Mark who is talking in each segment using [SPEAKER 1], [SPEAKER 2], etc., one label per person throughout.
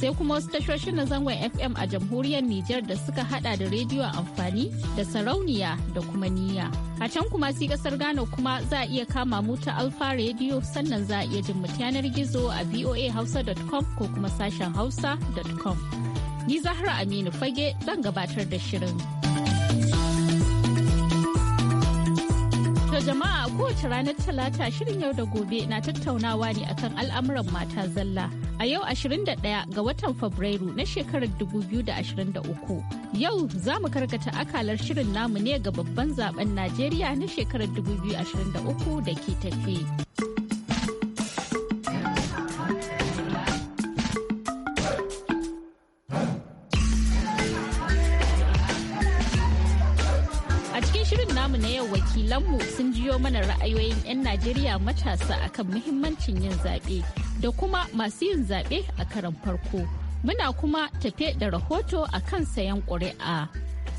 [SPEAKER 1] sai kuma wasu tashoshin na zangon FM a jamhuriyar Nijar da suka hada da rediyo amfani da sarauniya da kuma niyya. A can kuma si kasar Ghana kuma za a iya kama mu Alfa rediyo sannan za a iya jin yanar gizo a voahausa.com ko kuma sashen hausa.com. Ni Zahra Aminu Fage zan gabatar da shirin. To jama'a kowace ranar talata shirin yau da gobe na tattaunawa ne akan al'amuran mata zalla. A yau 21 ga watan Fabrairu na shekarar 2023. Yau za mu karkata akalar shirin namu ne ga babban zaben Najeriya na shekarar 2023 da ke tafe. wakilanmu sun biyo mana ra'ayoyin 'yan Najeriya matasa akan muhimmancin yin zaɓe da kuma masu yin zaɓe a karan farko. Muna kuma tafe da rahoto a kan sayan ƙuri'a.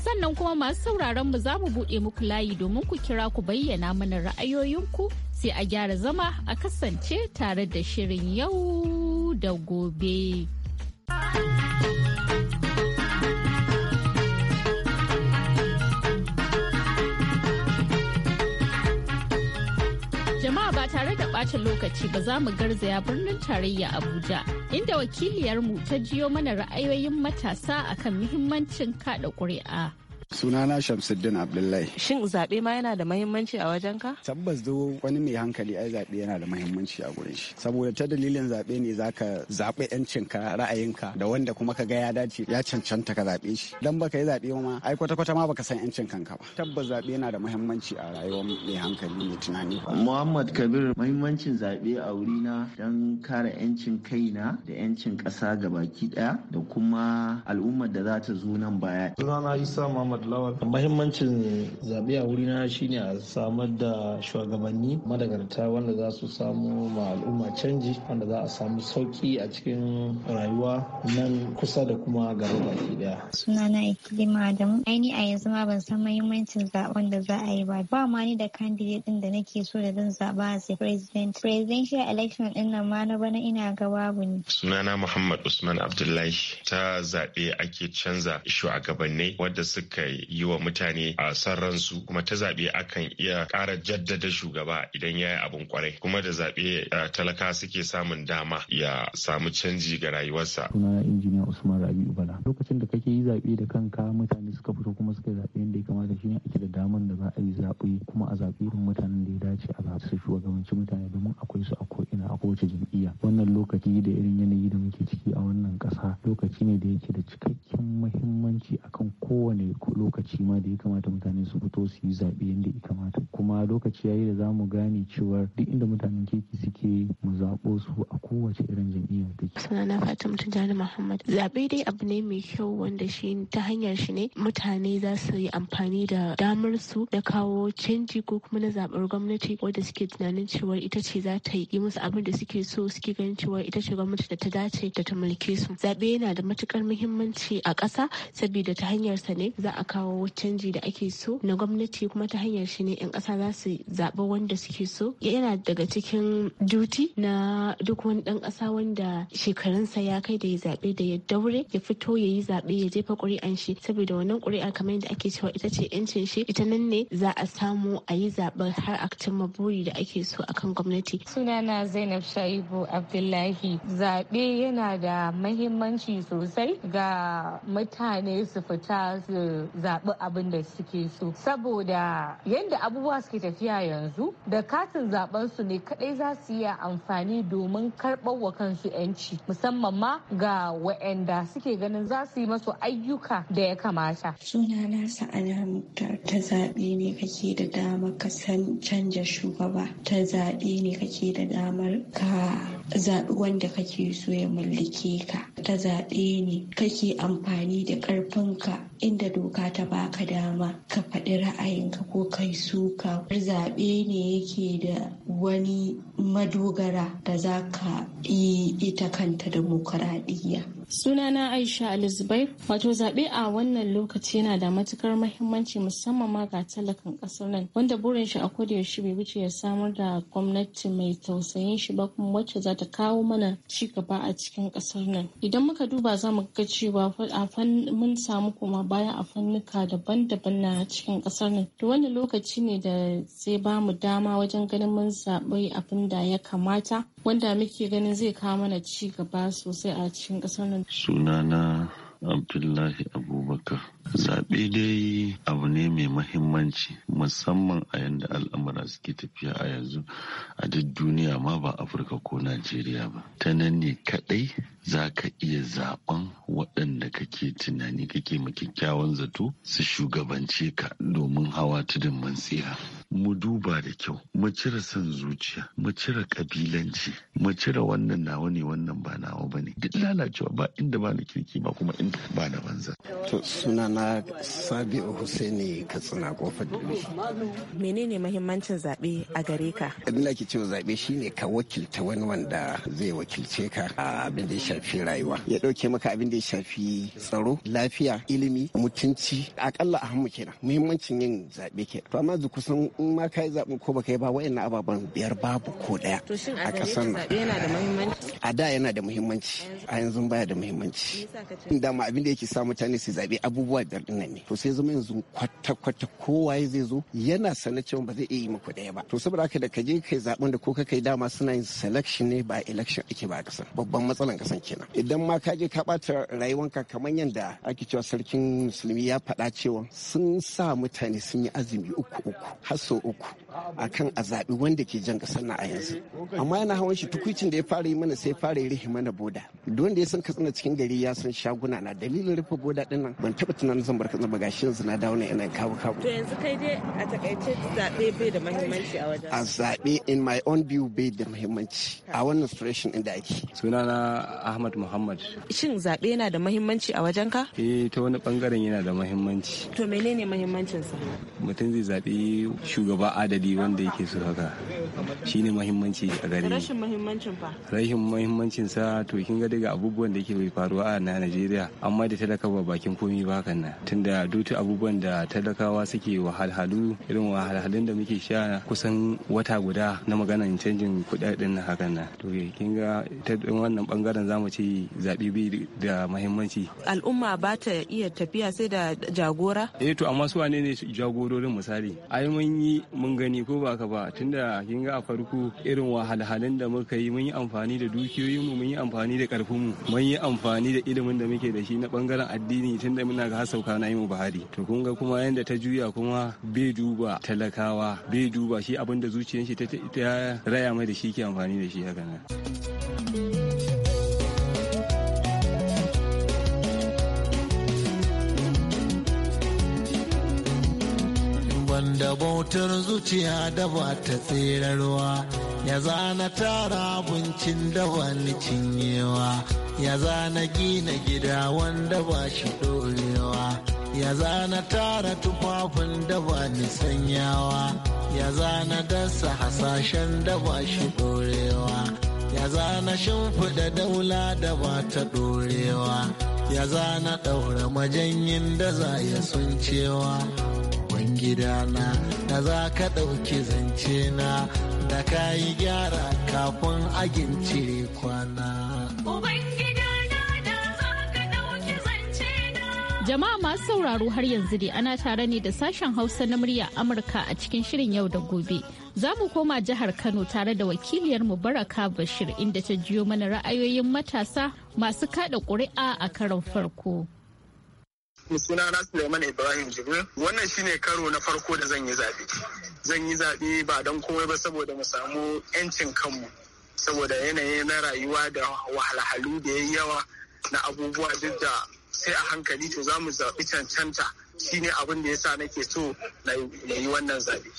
[SPEAKER 1] Sannan kuma masu sauraron mu za mu buɗe muku layi domin ku kira ku bayyana mana ra'ayoyinku sai a gyara zama a kasance tare da shirin yau da gobe. Jama'a ba tare da ɓacin lokaci ba za mu garzaya birnin tarayya Abuja, inda wakiliyarmu ta jiyo mana ra'ayoyin matasa akan muhimmancin kaɗa ƙuri'a.
[SPEAKER 2] Sunana Shamsuddin Abdullahi.
[SPEAKER 1] Shin zaɓe ma yana da mahimmanci a wajen ka?
[SPEAKER 2] Tabbas do wani mai hankali ai zaɓe yana da mahimmanci a gurin shi. Saboda ta dalilin zaɓe ne zaka zaɓe ƴancinka ra'ayinka da wanda kuma ka ga ya dace ya cancanta ka zaɓe shi. Dan baka yi zaɓe ma ai kwata-kwata ma baka san yancin kanka ba. Tabbas zaɓe yana da mahimmanci a rayuwar mai hankali mai tunani.
[SPEAKER 3] Muhammad Kabir mahimmancin zaɓe a wurina dan kare ƴancin na da ƴancin ƙasa gabaki ɗaya da kuma al'ummar da za ta zo nan baya.
[SPEAKER 4] Muhammad Lawal. Mahimmancin zaɓe a wurina shine a samar da shugabanni madagarta wanda za su samu ma al'umma canji wanda za a samu sauki a cikin rayuwa nan kusa da kuma gaba baki daya. Sunana Ikilima
[SPEAKER 5] Adamu. Aini a yanzu ma ban san mahimmancin zaɓen da za a yi ba. Ba ma ni da candidate ɗin da nake so da zan zaba a president. Presidential election din nan ma na bana ina ga babu ne.
[SPEAKER 6] Sunana Muhammad Usman Abdullahi ta zaɓe ake canza shugabanni wadda suka yi wa mutane a san ransu kuma ta zaɓe akan iya ƙara jaddada shugaba idan ya yi abin kwarai kuma da zaɓe talaka suke samun dama ya samu canji ga rayuwarsa.
[SPEAKER 4] Suna injiniya Usman Rabi'u Bala. Lokacin da kake yi zaɓe da kanka mutane suka fito kuma suka zaɓe yadda ya kamata shi ne ake da damar da za a yi zaɓe kuma a zaɓe irin mutanen da ya dace a zaɓi su shugabanci mutane domin akwai su a ko'ina a kowace jam'iyya. Wannan lokaci da irin yanayi da muke ciki a wannan ƙasa lokaci ne da yake da cikakken muhimmanci akan kowane kuɗi lokaci ma da ya kamata mutane su fito su yi zaɓe yadda ya kamata kuma lokaci yayi da za mu gane cewa duk inda mutanen keke suke mu zaɓo su a kowace irin jam'iyya take.
[SPEAKER 1] sunana fatima jani muhammad zaɓe dai abu ne mai kyau wanda shi ta hanyar shi ne mutane za su yi amfani da damar su da kawo canji ko kuma na zaɓar gwamnati wanda suke tunanin cewa ita ce za ta yi musu abin da suke so suke ganin cewa ita ce gwamnati da ta dace da ta mulke su zaɓe yana da matukar muhimmanci a ƙasa saboda ta hanyar sa
[SPEAKER 7] ne za a kawo canji da ake so na gwamnati kuma ta hanyar shi ne 'yan kasa za su zaɓi
[SPEAKER 1] wanda suke so yana daga cikin duti na duk wani ɗan ƙasa wanda shekarunsa ya kai da ya zaɓe da ya daure ya fito ya yi zaɓe ya jefa ƙuri'an shi saboda wannan ƙuri'a kamar yadda ake cewa ita ce 'yancin shi ita nan ne za a samu a yi zaɓen har a cimma buri da ake so a kan gwamnati. Sunana Zainab Shaibu Abdullahi zaɓe yana da mahimmanci sosai ga mutane su fita su zaɓi abin da suke so saboda yadda abubuwa suke tafiya yanzu da katin zaben su ne kadai za su iya amfani domin karɓar wa kansu yanci musamman ma ga wa'anda suke ganin za su yi masu ayyuka da ya kamata sunana sa'ana ta zaɓe ne kake da dama ka san canja shugaba ta zaɓe ne kake da damar ka zaɓi wanda kake so ya mallake ka ta zaɓe ne kake amfani da ƙarfinka inda doka doka ta baka dama ka faɗi ra'ayinka ko kai suka zaɓe ne yake da wani madogara da za ka yi ita kanta dimokuraɗiyya. Sunana Aisha Ali Zubair, wato zaɓe a wannan lokaci yana da matukar mahimmanci musamman ma ga talakan ƙasar nan wanda burin shi a koda shi bai wuce ya samar da gwamnati mai tausayin shi ba kuma wacce za ta kawo mana ci gaba a cikin ƙasar nan. Idan muka duba za mu ga cewa mun samu koma baya a fannuka daban-daban na cikin ƙasar nan. To wannan lokaci ne da zai ba mu dama wajen ganin mun zaɓi abin da ya kamata wanda muke ganin zai kawo mana ci gaba sosai a cikin ƙasar nan
[SPEAKER 4] Sunana Abdullahi Abubakar.
[SPEAKER 6] Zaɓe dai abu ne mai mahimmanci musamman a yadda al'amura suke tafiya a yanzu a duk duniya ma ba Afirka ko Najeriya ba. Ta nan ne kaɗai za ka iya zaɓen waɗanda kake tunani kake ma kyakkyawan zato su shugabance ka domin hawa tudun man tsira. Mu duba da kyau, mu cire son zuciya, mu cire ƙabilanci, mu cire wannan nawa ne wannan ba
[SPEAKER 3] nawa ba ne. Duk lalacewa ba inda ba na kirki ba kuma inda ba na banza. To suna na sabi'u husaini katsina kofar dubi
[SPEAKER 7] menene mahimmancin zaɓe a gare ka
[SPEAKER 3] abin da ke cewa zaɓe shine ka wakilta wani wanda zai wakilce ka a abin da ya shafi rayuwa ya ɗauke maka abin da ya shafi tsaro lafiya ilimi mutunci akalla a hannu kenan muhimmancin yin zaɓe ke to amma kusan in ma ka yi zaɓen ko baka yi ba wa'annan ababen biyar babu ko ɗaya a ƙasar nan a da yana da muhimmanci a yanzu baya da muhimmanci dama abin da yake sa mutane su zaɓe abubuwa biyar din nan ne to sai zama yanzu kwata kwata kowaye zai zo yana sanar cewa ba zai iya yi muku daya ba to saboda haka da ka je kai zaben da ko ka kai dama suna yin selection ne ba election ake ba kasa babban matsalan kasan kenan idan ma ka je ka bata rayuwanka kamar yadda ake cewa sarkin musulmi ya faɗa cewa sun sa mutane sun yi azumi uku uku har sau uku akan a zaɓi wanda ke jan ƙasar na a yanzu amma yana hawan shi tukuicin da ya fara yi mana sai fara yi mana boda duk wanda ya san katsina cikin gari ya san shaguna na dalilin rufe boda ɗin nan ban taɓa nan zan barka zan bagashin su na dawo ne ina kawo kawo
[SPEAKER 7] to yanzu kai dai a takaice zaɓe bai da muhimmanci a wajen a
[SPEAKER 3] zaɓe in my own view bai da muhimmanci a wannan situation inda ake sunana
[SPEAKER 8] Ahmad Muhammad
[SPEAKER 7] shin zaɓe yana da muhimmanci a wajen ka
[SPEAKER 8] eh ta wani bangaren yana da muhimmanci
[SPEAKER 7] to menene muhimmancin sa
[SPEAKER 8] mutum zai zabi shugaba adadi wanda yake so haka shine muhimmanci a gare rashin
[SPEAKER 7] muhimmancin fa
[SPEAKER 8] rashin muhimmancin sa to kin ga daga abubuwan da yake bai faruwa a Najeriya amma da talaka ba bakin komi ba haka nan tunda dutu abubuwan da talakawa suke wahalhalu irin wahalhalun da muke sha kusan wata guda na maganan canjin kudaden na hakan nan to kin ga ta wannan bangaren zamu ce zabi bi da muhimmanci
[SPEAKER 7] al'umma ba ta iya tafiya sai da jagora
[SPEAKER 8] eh to amma su wane ne jagororin misali ai mun yi mun gani ko ba ka ba tunda kin ga a farko irin wahalhalun da muka yi mun yi amfani da dukiyoyinmu mun yi amfani da karfinmu mun yi amfani da ilimin da muke da shi na bangaren addini tunda muna ga sauka na imu buhari to kun ga kuma yanda ta juya kuma bai duba talakawa bai duba shi abin da zuciyar shi ta raya mai da shi ke amfani da shi haka nan
[SPEAKER 4] wanda bautar zuciya da ba ta tsirarwa ya zana tara abincin da wani cinyewa ya zana gina gida wanda ba shi dorewa ya zana tara tufafin da ba ni sanyawa ya zana dasa hasashen da ba shi dorewa ya zana shimfiɗa daula da ba ta dorewa ya zana ɗaura majanyin da za ya sun cewa gidana da za ka ɗauki zance na da ka yi gyara kafin agin cire kwana Jama'a masu sauraro har
[SPEAKER 1] yanzu dai ana tare ne da sashen Hausa na murya Amurka a cikin shirin yau da gobe. Za mu koma jihar Kano tare da wakiliyar mu baraka Bashir inda ta jiyo mana ra'ayoyin matasa masu kada ƙuri'a a karon farko.
[SPEAKER 6] Suna na Suleiman Ibrahim Jibril. Wannan shine karo na farko da zan yi zaɓe. Zan yi zaɓe ba don komai ba saboda mu samu 'yancin kanmu. saboda yanayi na rayuwa da wahalhalu da ya yawa na abubuwa duk da sai a hankali to za mu zaɓi cancanta shine abin da ya sa nake so na yi wannan zaɓe.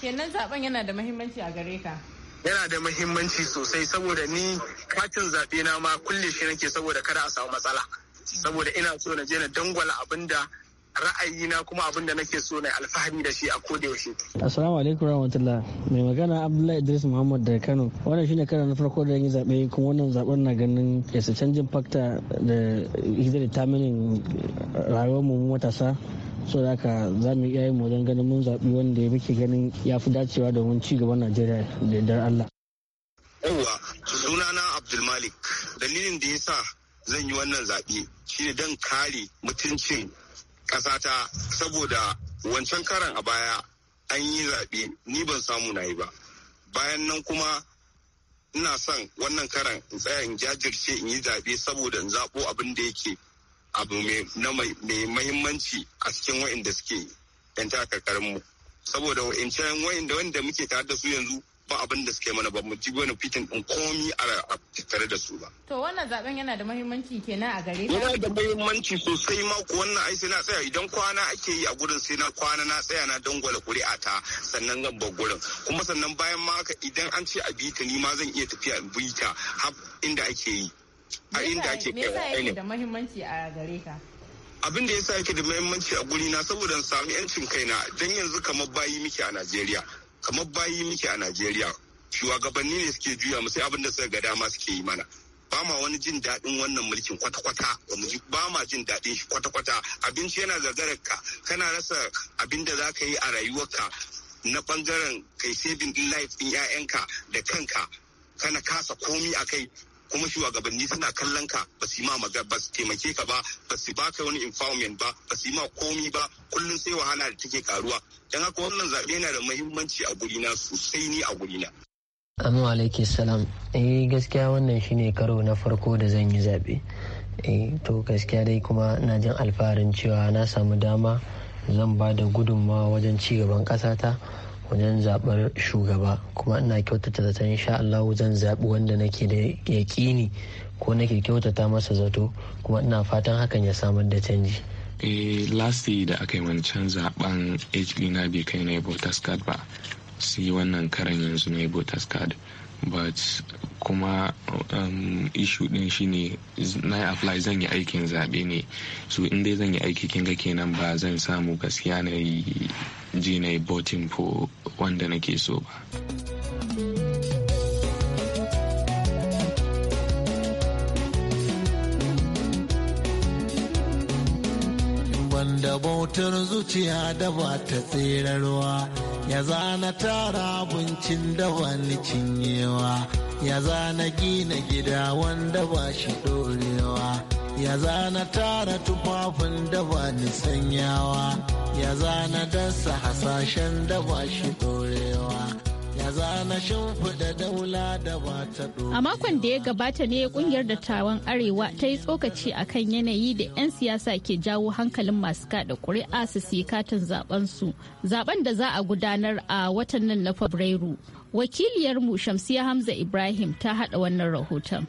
[SPEAKER 7] kenan zaben yana da mahimmanci a gare ka
[SPEAKER 6] yana da mahimmanci sosai saboda ni katin zaɓe na ma kulle shi nake saboda kada a samu matsala saboda ina so na je na dangwala abin da ra'ayina
[SPEAKER 8] kuma abin da nake so na alfahari da shi a koda yaushe.
[SPEAKER 5] Assalamu alaikum warahmatullah. Mai magana Abdullahi Idris Muhammad da Kano. Wannan shine karo na farko da yin zaɓe kuma wannan zaɓen na ganin yasa canjin fakta da hidda ta taminin rayuwar mu matasa so da haka za mu iya yin mu don ganin mun zaɓi wanda muke ganin ya fi dacewa domin ci gaban Najeriya da yardar Allah. Yawwa sunana Abdulmalik dalilin da ya sa
[SPEAKER 6] zan yi wannan zaɓe shine don kare mutuncin ƙasata saboda wancan karan a baya an yi zaɓe ni ban samu na yi ba bayan nan kuma ina son wannan karan in tsaya in jajirce in yi zaɓe saboda in zaɓo abin da yake abu mai mahimmanci a cikin wa'inda suke 'yan takarkarinmu saboda wa'incan wa'inda wanda muke tare da su yanzu ba abin da suke mana ba mu ji wani fitin din komi a tattare da su ba.
[SPEAKER 7] To wannan zaben yana da muhimmanci kenan a gare ka. Yana da
[SPEAKER 6] muhimmanci sosai ma ko wannan ai sai na tsaya idan kwana ake yi a gurin sai na kwana na tsaya na dangwala kuri'a ta sannan zan bar gurin kuma sannan bayan ma haka idan an ce a bita ni ma zan iya tafiya in ta har inda ake yi. A inda ake kai ne. da
[SPEAKER 1] muhimmanci a gare ka?
[SPEAKER 6] abin da ya sa yake da muhimmanci a guri na saboda samu yancin kaina don yanzu kamar bayi muke a Najeriya kamar bayi muke a najeriya shugabanni ne suke juya mu sai abin da suka ga dama suke yi mana ba ma wani jin daɗin wannan mulkin kwata-kwata ba ma jin daɗin shi kwata-kwata abinci yana zagarar ka kana rasa abin da za ka yi a rayuwarka na bangaren kai saving life din 'ya'yanka da kanka kana kasa komi a kai kuma shugabanni suna kallon ka ba su ma maga ba su taimake ka ba ba su ba ka wani informant ba ba su ma komi ba kullum sai wahala da take karuwa dan haka wannan zabe yana da muhimmanci a gurina sosai ni a
[SPEAKER 5] gurina Amu alaiki salam eh gaskiya wannan shine karo na farko da zan yi zabe eh to gaskiya dai kuma na jin alfaharin cewa na samu dama zan ba da gudunmawa wajen ci gaban ƙasata wajen zaɓar shugaba kuma ina kyautata in insha Allah zan zaɓi wanda nake da yaƙini ko nake kyautata masa zato kuma ina fatan hakan ya samar da canji.
[SPEAKER 8] eh lasti da aka yi wancan zaben hb na bai kai na votas card ba sai wannan karan yanzu na votas card but kuma um, ishu din shine na apply zan yi aikin zaɓe ne so in dai zan yi aiki kinga kenan ba zan samu gaskiya na yi je na yi voting wanda nake so
[SPEAKER 4] ba wanda bautar zuciya da ba ta tserarwa ya zana tara abincin da wani cinyewa ya zana gina gida wanda ba shi dorewa ya zana tara tufafin da ba ni sanyawa ya zana dasa hasashen da ba shi dorewa A
[SPEAKER 1] makon da ya gabata ne kungiyar dattawan Arewa ta yi tsokaci a kan yanayi da 'yan siyasa ke jawo hankalin masu kaɗa ƙuri'a su siyi katin zaben su. Zaben da za a gudanar a watan nan na Fabrairu. Wakiliyarmu Shamsiya Hamza Ibrahim ta haɗa wannan rahoton.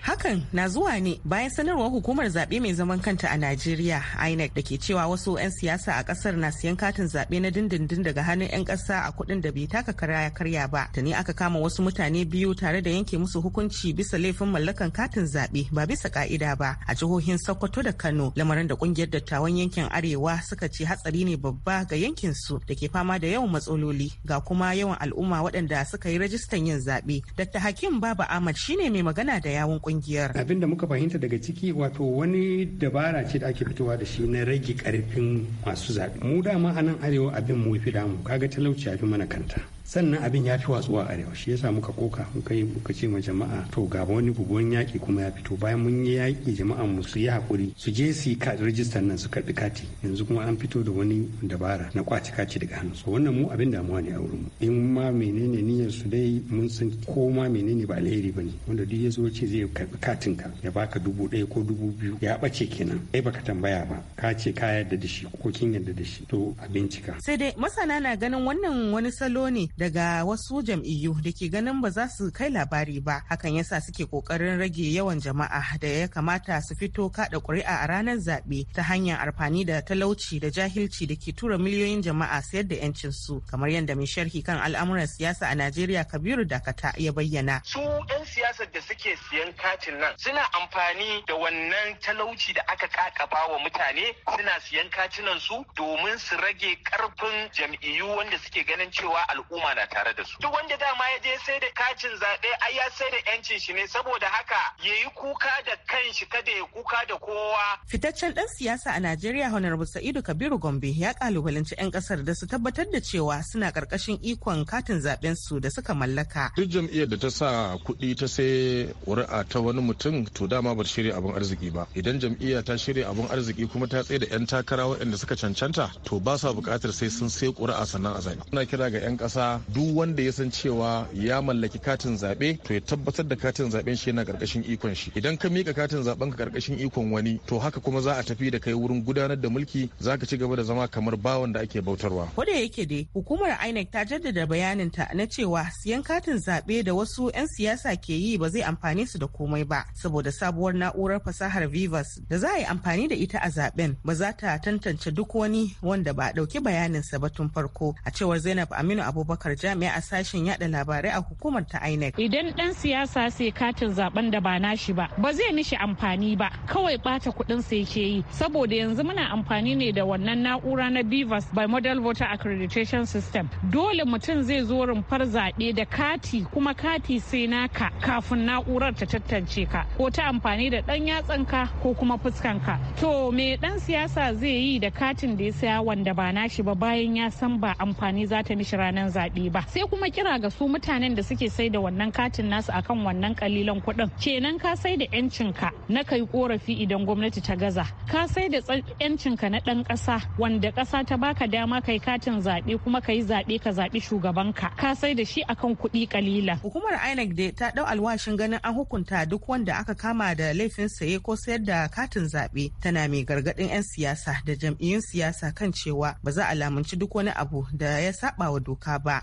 [SPEAKER 7] Hakan na zuwa ne bayan sanarwar hukumar zaɓe mai zaman kanta a Najeriya INEC da ke cewa wasu 'yan siyasa a ƙasar na siyan katin zaɓe na dindindin daga hannun 'yan ƙasa a kuɗin da bai taka kara karya ba. Da ne aka kama wasu mutane biyu tare da yanke musu hukunci bisa laifin mallakan katin zaɓe ba bisa ka'ida ba a jihohin Sokoto da Kano lamarin da ƙungiyar dattawan yankin Arewa suka ce hatsari ne babba ga yankin su da ke fama da yawan matsaloli ga kuma yawan al'umma waɗanda suka yi rajistan yin zaɓe. Dr. Hakim Baba Ahmad shine mai magana da yawun kungiyar da
[SPEAKER 8] muka fahimta daga ciki wato wani dabara ce da ake fitowa da shi na rage karfin masu zaɓe mu dama a nan arewa abin mu fi damu kaga talauci abin mana kanta sannan abin ya fi watsuwa arewa shi yasa muka koka muka yi muka ce ma jama'a to ga wani buguwan yaƙi kuma ya fito bayan mun yi yaƙi jama'a mu su yi hakuri su je su ka rijistar nan su karɓi kati yanzu kuma an fito da wani dabara na kwaci kaci daga hannu so wannan mu abin damuwa ne a wurin mu in ma menene niyyar su dai mun san ko ma menene ba alheri ne wanda duk ya zo ce zai karɓi katin ka ya baka dubu ɗaya ko dubu biyu ya ɓace kenan ai baka tambaya ba ka ce ka yarda da shi ko kin yarda da shi to a bincika
[SPEAKER 7] sai dai masana na ganin wannan wani salo ne daga wasu jam'iyyu da ke ganin ba za su kai labari ba hakan yasa suke kokarin rage yawan jama'a da ya kamata su fito kada ƙuri'a a ranar zaɓe ta hanyar amfani da talauci da jahilci da ke tura miliyoyin jama'a sayar da 'yancin su kamar yadda mai sharhi kan al'amuran siyasa a Najeriya Kabiru Dakata ya bayyana. Su
[SPEAKER 2] 'yan siyasar da suke siyan katin nan suna
[SPEAKER 6] amfani da wannan talauci da aka kakaba wa mutane suna siyan katinan su domin su rage karfin jam'iyyu wanda suke ganin cewa al'umma al'umma na tare da su duk wanda dama ya je sai da katin zaɓe ai ya sai da yancin shi ne saboda haka ya yi kuka da kanshi kada ya kuka da kowa
[SPEAKER 7] fitaccen ɗan siyasa a Najeriya Honorable Sa'idu Kabiru Gombe ya kalubalanci 'yan kasar da su tabbatar da cewa suna karkashin ikon katin zaben su da suka mallaka
[SPEAKER 6] duk jam'iyyar da ta sa kuɗi ta sai ƙuri'a ta wani mutum to dama ba shirya abin arziki ba idan jam'iyya ta shirya abin arziki kuma ta tsaye da 'yan takara waɗanda suka cancanta to ba sa buƙatar sai sun sai ƙuri'a sannan a zaɓe ina kira ga 'yan ƙasa duk wanda ya san cewa ya mallaki katin zaɓe to ya tabbatar da katin zaɓen shi yana karkashin ikon shi idan ka mika katin zaɓen ka karkashin ikon wani to haka kuma za a tafi da kai wurin gudanar da mulki za ka ci gaba da zama kamar bawan da ake bautarwa.
[SPEAKER 7] Ko da yake dai hukumar INEC ta jaddada bayaninta na cewa siyan katin zaɓe da wasu 'yan siyasa ke yi ba zai amfane su da komai ba saboda sabuwar na'urar fasahar Vivas da za a yi amfani da ita a zaɓen ba za ta tantance duk wani wanda ba a ɗauki bayaninsa ba tun farko a cewar Zainab Aminu Abubakar abubakar jami'a sashen yada labarai a hukumar ta inec idan dan siyasa sai katin zaben da ba nashi ba ba zai mishi amfani ba kawai bata kuɗin sai yake yi saboda yanzu muna amfani ne da wannan na'ura na bivas by model voter accreditation system dole mutum zai zo rumfar zaɓe da kati kuma kati sai naka kafin na'urar ta tantance ka ko ta amfani da ɗan ka ko kuma fuskan ka to me dan siyasa zai yi da katin da ya saya wanda ba nashi ba bayan ya san ba amfani za ta mishi ranar zaɓe kuɗi ba sai kuma kira ga su mutanen da suke sai da wannan katin nasu akan wannan kalilan kuɗin kenan ka sai da yancinka na kai korafi idan gwamnati ta gaza ka sai da yancinka na ɗan ƙasa wanda ƙasa ta baka dama kai katin zaɓe kuma kai zaɓe ka zaɓi shugabanka ka sai da shi akan kuɗi kalila hukumar inec da ta ɗau alwashin ganin an hukunta duk wanda aka kama da laifin saye ko sayar da katin zaɓe tana mai gargaɗin 'yan siyasa da jam'iyyun siyasa kan cewa ba za a lamunci duk wani abu da ya saba wa doka ba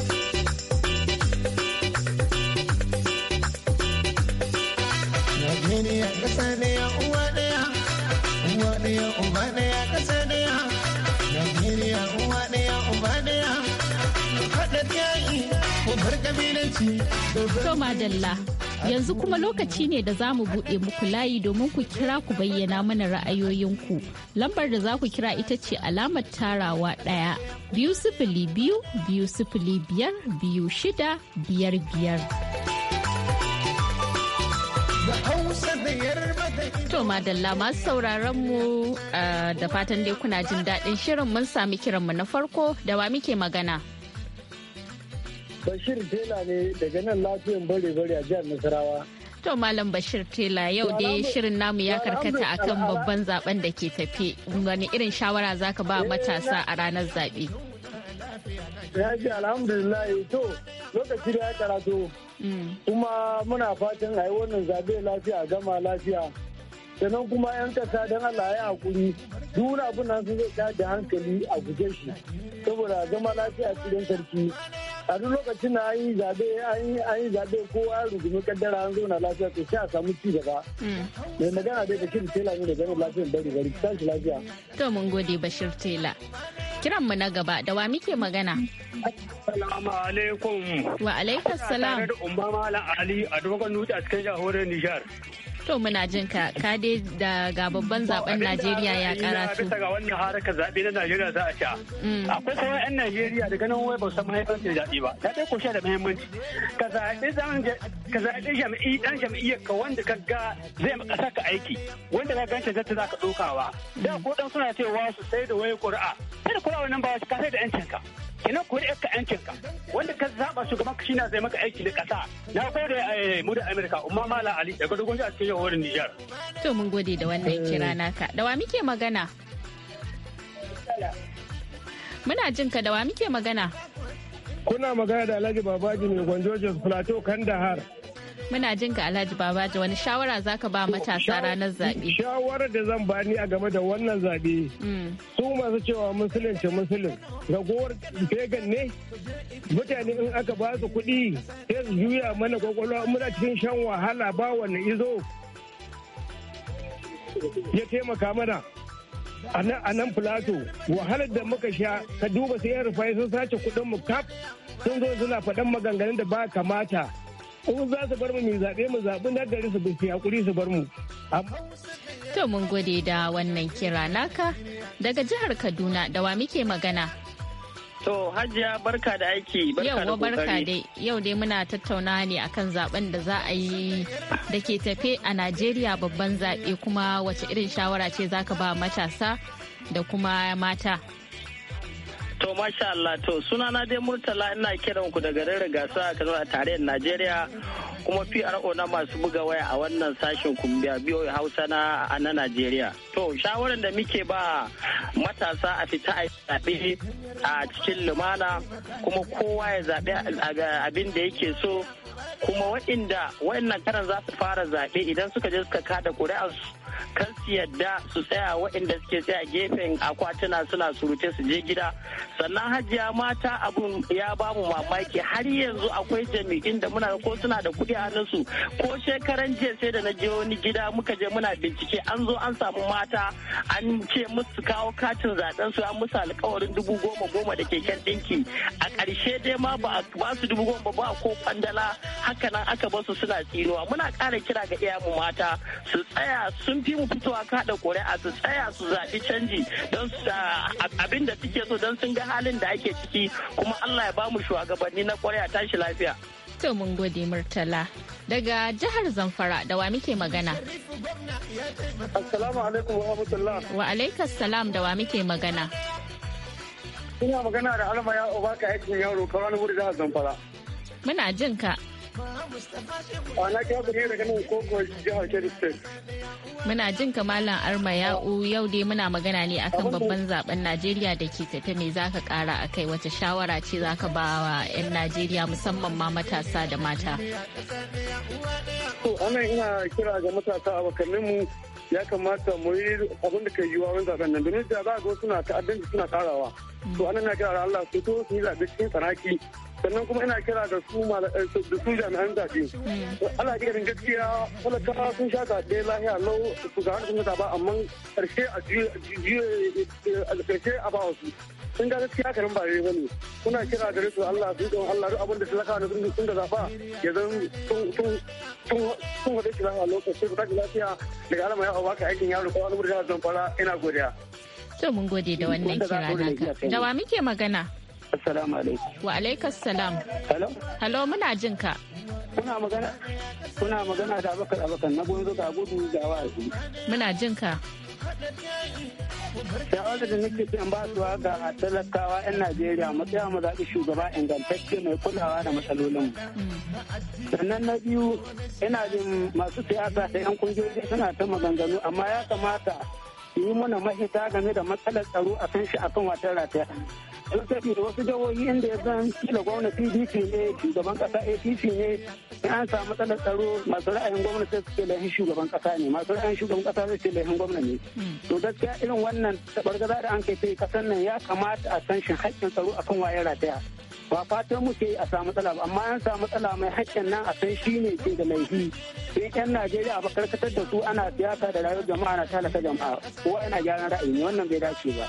[SPEAKER 1] To Madalla, yanzu kuma lokaci ne da za mu buɗe muku layi domin ku kira ku bayyana mana ra'ayoyinku. Lambar da za ku kira ita ce alamar tarawa ɗaya biyu sifili biyu biyu sifili biyar biyu shida biyar biyar. To madalla masu sauraron mu eh, da fatan dai kuna jin daɗin shirin mun sami kiranmu na farko da wa muke magana.
[SPEAKER 9] Bashir Tela ne daga nan lafiyan bare-bare a jihar Nasarawa.
[SPEAKER 1] To Malam Bashir Tela yau dai shirin namu ya karkata akan babban zaben da ke tafe. Wani irin shawara za ka ba eh, matasa a ranar zaɓe?
[SPEAKER 9] Ya ji alhamdulillah to lokaci da ya karatu. Mm. Kuma muna fatan a yi wannan zaɓe lafiya gama lafiya. sannan kuma 'yan kasa don Allah ya hakuri duk abin nan sun zai da hankali a guje shi saboda zama lafiya cikin sarki a duk lokacin da an yi zabe an yi zabe kowa ya rugumi kaddara an zo na lafiya to sai a samu ci gaba mm. mai magana dai bashir tela ne da ganin lafiyar bari bari tashi lafiya
[SPEAKER 1] to mun gode bashir tela kiran mu na gaba da wa muke magana
[SPEAKER 2] assalamu alaikum
[SPEAKER 1] wa alaikum assalam da
[SPEAKER 2] umma malam ali a dogon nuta a cikin jahorin nijar
[SPEAKER 1] To muna jin ka ka dai daga babban zaben Najeriya ya karatu. Bisa
[SPEAKER 2] ga wannan haraka zaɓe na Najeriya za a sha. Mm. Akwai sauran 'yan Najeriya da ganin wai ba su da zaɓe ba. Ta ko da mahimmanci. Ka zaɓi ka jami'i ɗan jam'iyya ka wanda ka ga zai ƙasa ka aiki. Wanda ka ganta zata za ka ɗaukawa. Da ko ɗan suna cewa su sai da wai ƙuri'a. Sai da ƙuri'a wannan ba ka sai da 'yancin ka. kenan kuri ka yancin ka wanda ka zaba shugaban ka shine zai maka aiki da kasa na kai da eh, mu da Amerika umma mala ali daga dogon a cikin yawon Nijar
[SPEAKER 1] to mun gode da wannan eh. kira naka da wa muke magana muna jin ka da wa muke magana kuna magana da Alhaji
[SPEAKER 6] Babaji mai gwanjojin Plateau Kandahar
[SPEAKER 1] Muna jin ga Alhaji Babaji wani shawara za ka ba matasa ranar zabe.
[SPEAKER 6] Shawarar da zan bani a game da wannan zabe
[SPEAKER 1] mm. Su
[SPEAKER 6] masu cewa musulun ce musulun. Ragowar fegan ne? Mutane in aka ba su kuɗi sai su juya mana kwakwalwa muna cikin shan wahala ba wannan izo. Ya taimaka mana. a nan filato wahalar da muka sha ka duba sai yan rufai sun sace kuɗin mu kaf sun zo suna faɗan maganganun da ba kamata in za su bar mu mu zaɓe mu zaɓi na gari su bi hakuri su bar
[SPEAKER 5] mu.
[SPEAKER 1] To mun gode da wannan kira naka daga jihar Kaduna da wa muke magana.
[SPEAKER 5] To Hajiya barka da aiki barka da barka dai
[SPEAKER 1] yau dai muna tattauna ne akan zaben da za a yi da ke tafe a Najeriya babban zaɓe kuma wace irin shawara ce zaka ba matasa da kuma mata.
[SPEAKER 5] To masha Allah to suna na dai Murtala ina kiran ku daga garin gasa a Kano a tarayyar Najeriya kuma PRO na masu buga waya a wannan sashen kumbiya biyo Hausa na a na Najeriya. To shawaran da muke ba matasa a fita a zaɓe a cikin lumana kuma kowa ya zabi abin da yake so kuma waɗanda waɗannan karan za su fara zaɓe idan suka je suka kada ƙuri'arsu kan su yadda su tsaya waɗanda suke tsaya gefen akwatuna suna surute su je gida sannan hajiya mata abun ya ba mu mamaki har yanzu akwai jami'in da muna ko suna da kuɗi a su ko shekaran jiya sai da na je wani gida muka je muna bincike an zo an samu mata an ce musu kawo katin zaɓen su an musu alƙawarin dubu goma goma da keken ɗinki a ƙarshe dai ma ba ba su dubu goma ba ko kwandala haka nan aka basu suna tsinuwa muna ƙara kira ga iyamu mata su tsaya sun fi samu fitowa kada ƙuri'a su tsaya su zaɓi canji don abin da suke so don sun ga halin da ake ciki kuma Allah ya bamu shugabanni na ƙuri'a tashi lafiya.
[SPEAKER 1] To mun gode Murtala. Daga jihar Zamfara da wa muke magana? Assalamu alaikum wa rahmatullah. Wa alaikas salam da wa muke magana?
[SPEAKER 9] Ina magana da Alma ya Obaka aikin yaro kawai wuri da Zamfara.
[SPEAKER 1] Muna jin ka. Ana
[SPEAKER 9] jihar State.
[SPEAKER 1] Muna jin kamalan arma ya'u yau dai muna magana ne akan babban zaben Najeriya da ke tafe me zaka kara a kai wata shawara ce zaka ba wa 'yan Najeriya musamman ma matasa da mata.
[SPEAKER 9] To ina kira ga matasa abokanin mu ya kamata mu yi abin da ke yiwuwa wani zaben nan domin da za a zo suna ta'addanci suna karawa. To anan na kira Allah su to su yi zaɓe cikin tsanaki sannan kuma ina kira da eh, su da su jami'an zaɓe ala ƙirin gaskiya talakawa sun sha zaɓe lahiya lau su ga hannun ba amma ƙarshe a eh, ƙarshe a ba wasu sun ga gaskiya karin ba ba ne kuna kira da su Allah su don Allah duk abinda da laka na sun da zaɓa ya zan sun haɗe shi lahiya lau ƙarshe ku tashi lafiya daga alama ya ka aikin yaro ko wani zan fara ina godiya.
[SPEAKER 1] To mun gode da wannan kira naka. Da wa muke magana? Assalamu alaikum. Wa alaikas salam. Hello? Hello muna jin ka. Kuna magana
[SPEAKER 2] kuna magana da Abakar Abakar na gunzo ga gudu ga wa'azi.
[SPEAKER 1] Muna jin ka. Sha'awar da nake
[SPEAKER 2] son ba su ga talakawa 'yan Najeriya matsaya mu zaɓi shugaba ingantacce mai kulawa da matsalolin Sannan na biyu, ina jin masu siyasa da 'yan kungiyoyi suna ta maganganu amma ya kamata yi mana mahita game da matsalar tsaro a kan shi a kan watan rataya da wasu jihohi inda ya zan kila gwamna pdp ne shugaban kasa apc ne in an samu matsalar tsaro masu ra'ayin gwamna sai su ce shugaban kasa ne masu ra'ayin shugaban kasa sai su ce gwamna ne to gaskiya irin wannan tabargaza da an kai kasan nan ya kamata a san shi haƙƙin tsaro a kan wayan rataya ba fatan muke a samu matsala ba amma an samu matsala mai haƙƙin nan a san shi ne ke da laifi sai yan najeriya ba karkatar da su ana siyasa da rayuwar jama'a na talaka jama'a ko ana gyaran ra'ayi ne wannan bai dace ba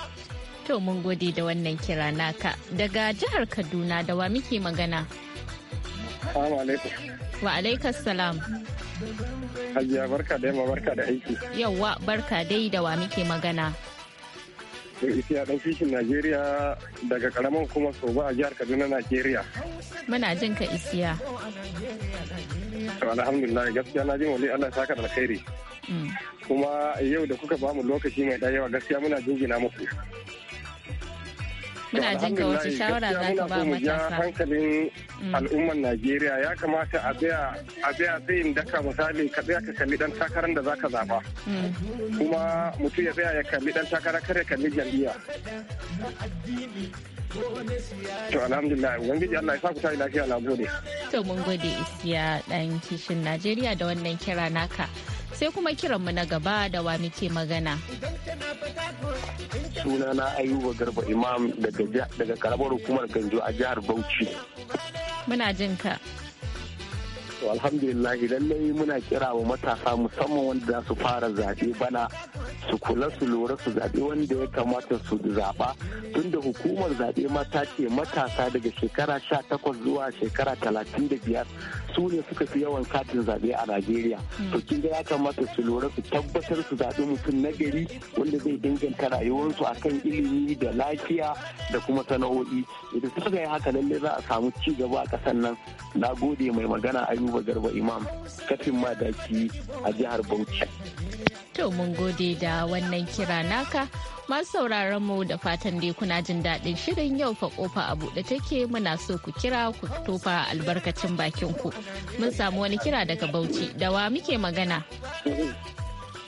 [SPEAKER 1] to mun gode da wannan kira naka daga jihar kaduna da wa muke magana wa alaikas salam
[SPEAKER 9] hajiya barka da yamma barka da aiki
[SPEAKER 1] yawwa barka dai da wa muke magana
[SPEAKER 9] isiya ɗan fishin Najeriya daga karaman kuma Soba a jihar Kaduna Najeriya.
[SPEAKER 1] Muna jin ka isiya.
[SPEAKER 9] Alhamdulillah gaskiya na jin wani Allah ya saka alkhairi. Mm. Kuma yau da kuka bamu lokaci mai ɗaya yawa gaskiya muna jingina muku.
[SPEAKER 1] muna jin ka wace shawara za ka ba matasa
[SPEAKER 9] hankalin mm. al'ummar Najeriya ya kamata a biya a biya tsayin daka misali ka tsaya ka kalli dan takarar da zaka zaba
[SPEAKER 2] mm. kuma
[SPEAKER 9] mutum ya tsaya ya kalli dan takara kare kalli jam'iyya To alhamdulillah ubangiji Allah ya sa ku tayi lafiya na gode.
[SPEAKER 1] To mun gode iskiya dan kishin Najeriya da wannan kira naka. sai kuma kiranmu na gaba da wa muke magana.
[SPEAKER 9] na Ayuba Garba Imam daga karamar hukumar Ganjo a jihar Bauchi.
[SPEAKER 1] Muna jin ka.
[SPEAKER 9] alhamdulillah lallai muna kira wa matasa musamman wanda za su fara zaɓe bana su kula su lura su zaɓe wanda ya kamata su zaɓa tunda hukumar zaɓe ma ta ce matasa daga shekara sha takwas zuwa shekara talatin da biyar su ne suka fi yawan katin zaɓe a Najeriya. To kin ga ya kamata su lura su tabbatar su zaɓi mutum na gari wanda zai danganta rayuwarsu a kan ilimi da lafiya da kuma sana'o'i. Idan suka yi haka lallai za a samu ci gaba a ƙasar nan. Na gode mai magana Ayuba Garba Imam kafin madaki a jihar Bauchi.
[SPEAKER 1] To mun gode da wannan kira naka masu sauraron mu da fatan dai kuna jin daɗin shirin yau fa kofa a buɗe take muna so ku kira ku tofa albarkacin bakin ku. Mun samu wani kira daga Bauchi da wa muke magana.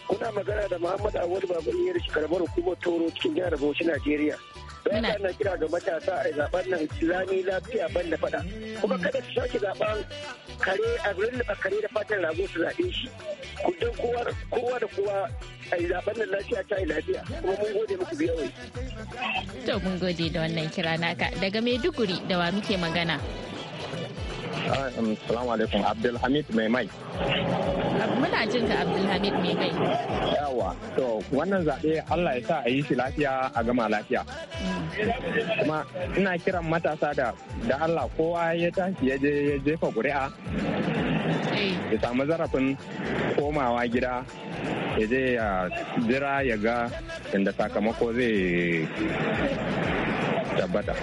[SPEAKER 9] Kuna magana da Muhammad Awadu Babu Iyar shi karamar hukumar Toro cikin jihar Bauchi Najeriya. Muna na kira ga matasa a zaben nan rani lafiya ban da fada. Kuma kada
[SPEAKER 5] su sake zaben kare a da kare da fatan rago su zaɓe shi. Kudin kowa
[SPEAKER 6] da kowa a zaben nan lafiya ta yi lafiya. Kuma mun gode muku biyawai.
[SPEAKER 1] To mun gode da wannan kira naka daga Maiduguri da wa muke magana.
[SPEAKER 6] Assalamu um, alaikum Abdulhamid mai mai.
[SPEAKER 1] Muna jin ka Abdulhamid mai mai.
[SPEAKER 6] Yawa, to wannan zaɓe Allah ya sa a yi shi lafiya a gama lafiya. Kuma ina kiran matasa da da Allah kowa ya tashi ya je ya jefa ƙuri'a. Ya samu zarafin komawa gida ya je ya jira ya ga inda sakamako zai ya bada.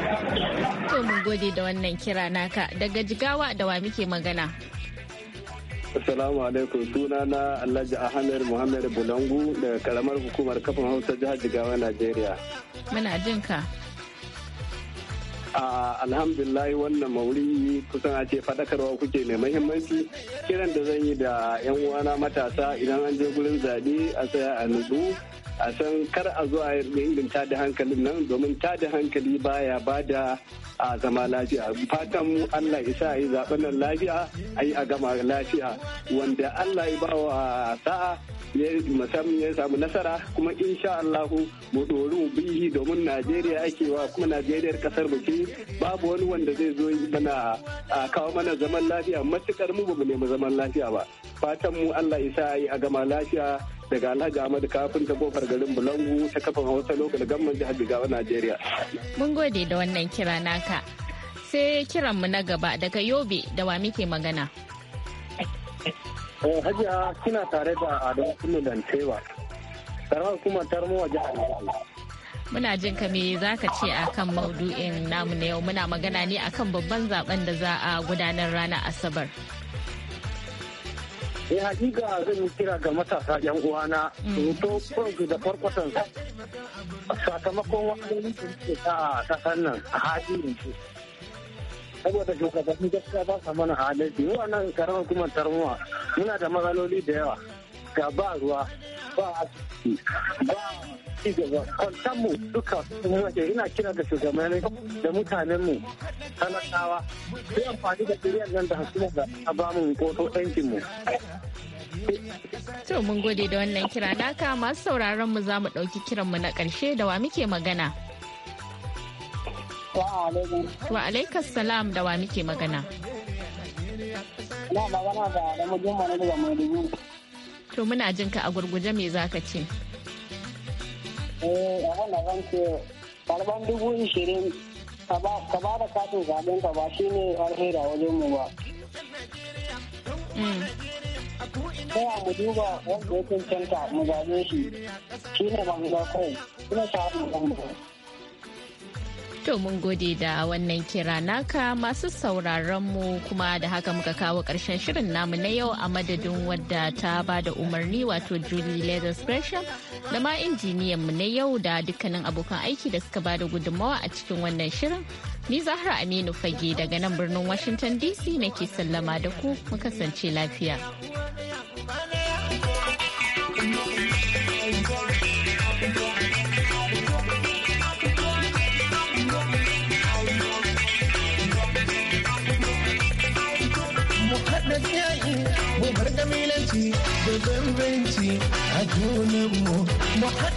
[SPEAKER 1] To mun gode da wannan kira naka daga jigawa da wa muke magana.
[SPEAKER 9] Assalamu alaikum suna na Alhaji Ahmed Muhammad Bulangu daga karamar hukumar kafin Hausa jihar Jigawa Najeriya.
[SPEAKER 1] Muna jin ka.
[SPEAKER 9] alhamdulillah wannan mauri kusan a ce fadakarwa kuke mai mahimmanci kiran da zan yi da 'yan uwana matasa idan an je gurin zaɓe a saya a nutsu a san kar a zo a yarda irin tada hankalin nan domin tada hankali baya bada a zama lafiya fatan mu Allah isa sa yi zaben nan lafiya a a gama lafiya wanda Allah ya ba bawa sa'a musamman ya samu nasara kuma in sha Allahu mu dori mu bihi domin Najeriya ake wa kuma Najeriyar kasar mu ce babu wani wanda zai zo mana a kawo mana zaman lafiya matukar mu bamu nemi zaman lafiya ba fatan mu Allah isa yi a gama lafiya daga Alhaji Ahmad kafin ta kofar garin Bulangu ta kafin Hausa lokacin gamman jihar Jigawa Najeriya.
[SPEAKER 1] Mun gode da wannan kira naka. Sai kiran mu na gaba daga Yobe da wa muke magana.
[SPEAKER 9] Eh, hajiya kina tare da adamu kuma lantewa karamar hukumar tarmowa jihar
[SPEAKER 1] muna jin ka me za ka ce akan maudu'in namu na yau muna magana ne akan babban zaben da za a gudanar ranar asabar
[SPEAKER 9] ya eh, hakika zan yi kira ga matasa yan uwana su mm. to kansu da farkwatan sakamakon wani a kasar nan a hajjin su saboda shugabanni gaskiya ba sa mana adalci nan karamar kuma tarmuwa muna da matsaloli da yawa ga ba ruwa ba asibiti ba cigaba kwantanmu duka sun wace ina kira da shugabanni da mutanenmu talakawa sai amfani da kiriyar nan da hasuma da a ba mu koto mu.
[SPEAKER 1] To mun gode da wannan kira naka masu sauraron mu za mu ɗauki kiranmu na ƙarshe da wa muke magana. Wa alaikas salam da wa muke magana. Na magana da Adamu Juma daga Maiduguri. To muna jin ka a gurguje me zaka ce?
[SPEAKER 9] Eh, a da zan ce karban dubu ishirin ka ba da katin zaɓen ka ba shi ne alheri a wajen mu ba. Mm. Sai mu duba wanda ya cancanta mu zaɓe shi shi ne ba mu kai ne sa'a mu ba.
[SPEAKER 1] To mun gode da wannan kira naka masu sauraron mu kuma da haka muka kawo ƙarshen shirin namu na yau a madadin wadda ta ba da umarni wato Julie Leather Special da ma injiniyan mu na yau da dukkanin abokan aiki da suka ba da gudunmawa a cikin wannan shirin. Ni Zahra Aminu Fage daga nan birnin Washington DC nake sallama da ku mu kasance lafiya.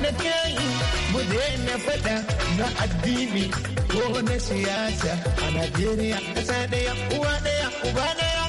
[SPEAKER 4] na jayi mu na faɗa na addini ko na siyasa a Najeriya ƙasa ɗaya uwa ɗaya uba ɗaya.